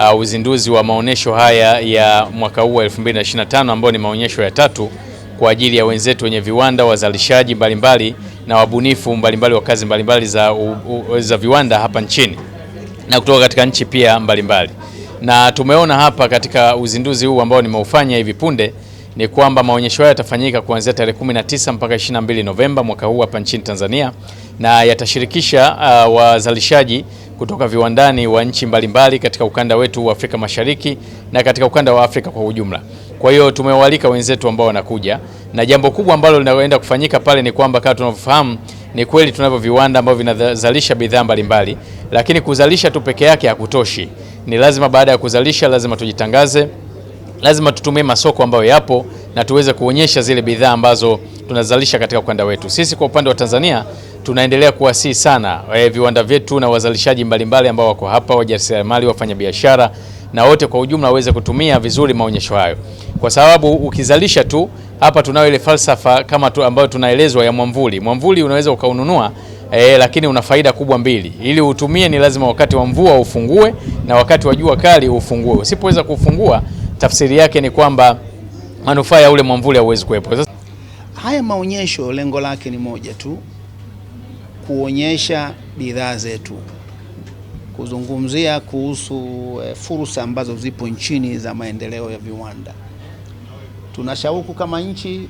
uh, uzinduzi wa maonyesho haya ya mwaka huu wa 2025 ambayo ni maonyesho ya tatu kwa ajili ya wenzetu wenye viwanda, wazalishaji mbalimbali na wabunifu mbalimbali wa kazi mbalimbali za, za viwanda hapa nchini na kutoka katika nchi pia mbalimbali mbali. Na tumeona hapa katika uzinduzi huu ambao nimeufanya hivi punde ni kwamba maonyesho haya yatafanyika kuanzia tarehe 19 mpaka 22 Novemba mwaka huu hapa nchini Tanzania na yatashirikisha uh, wazalishaji kutoka viwandani wa nchi mbalimbali katika ukanda wetu wa Afrika Mashariki na katika ukanda wa Afrika kwa ujumla. Kwa hiyo tumewalika wenzetu ambao wanakuja, na jambo kubwa ambalo linaenda kufanyika pale ni kwamba kama tunavyofahamu ni kweli tunavyo viwanda ambavyo vinazalisha bidhaa mbalimbali, lakini kuzalisha tu peke yake hakutoshi. Ni lazima baada ya kuzalisha, lazima tujitangaze, lazima tutumie masoko ambayo yapo na tuweze kuonyesha zile bidhaa ambazo tunazalisha katika ukanda wetu. Sisi kwa upande wa Tanzania tunaendelea kuwasihi sana e, viwanda vyetu na wazalishaji mbalimbali ambao wako hapa, wajasiriamali, wafanyabiashara na wote kwa ujumla waweze kutumia vizuri maonyesho hayo, kwa sababu ukizalisha tu hapa, tunayo ile falsafa kama tu ambayo tunaelezwa ya mwamvuli. Mwamvuli unaweza ukaununua e, lakini una faida kubwa mbili. Ili utumie ni lazima wakati wa mvua ufungue na wakati wa jua kali ufungue. Usipoweza kufungua, tafsiri yake ni kwamba manufaa ya ule mwamvuli hauwezi kuwepo. Haya maonyesho lengo lake ni moja tu kuonyesha bidhaa zetu, kuzungumzia kuhusu eh, fursa ambazo zipo nchini za maendeleo ya viwanda. Tuna shauku kama nchi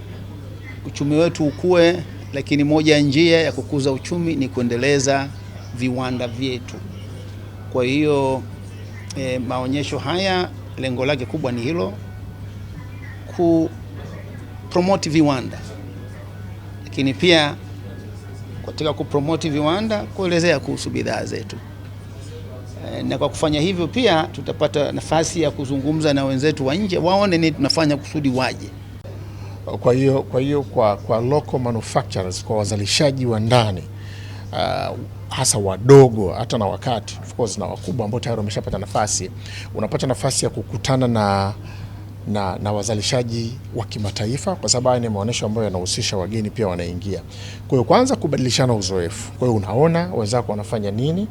uchumi wetu ukue, lakini moja ya njia ya kukuza uchumi ni kuendeleza viwanda vyetu. Kwa hiyo e, maonyesho haya lengo lake kubwa ni hilo, ku promote viwanda, lakini pia katika kupromoti viwanda, kuelezea kuhusu bidhaa zetu, eh, na kwa kufanya hivyo pia tutapata nafasi ya kuzungumza na wenzetu wa nje, waone nini tunafanya kusudi waje. Kwa hiyo kwa hiyo kwa, kwa local manufacturers, kwa wazalishaji wa ndani uh, hasa wadogo hata na wakati of course na wakubwa ambao tayari wameshapata nafasi, unapata nafasi ya kukutana na na, na wazalishaji wa kimataifa kwa sababu haya ni maonyesho ambayo yanahusisha wageni pia wanaingia. Kwa hiyo kwanza kubadilishana uzoefu. Kwa hiyo unaona wenzako wanafanya nini.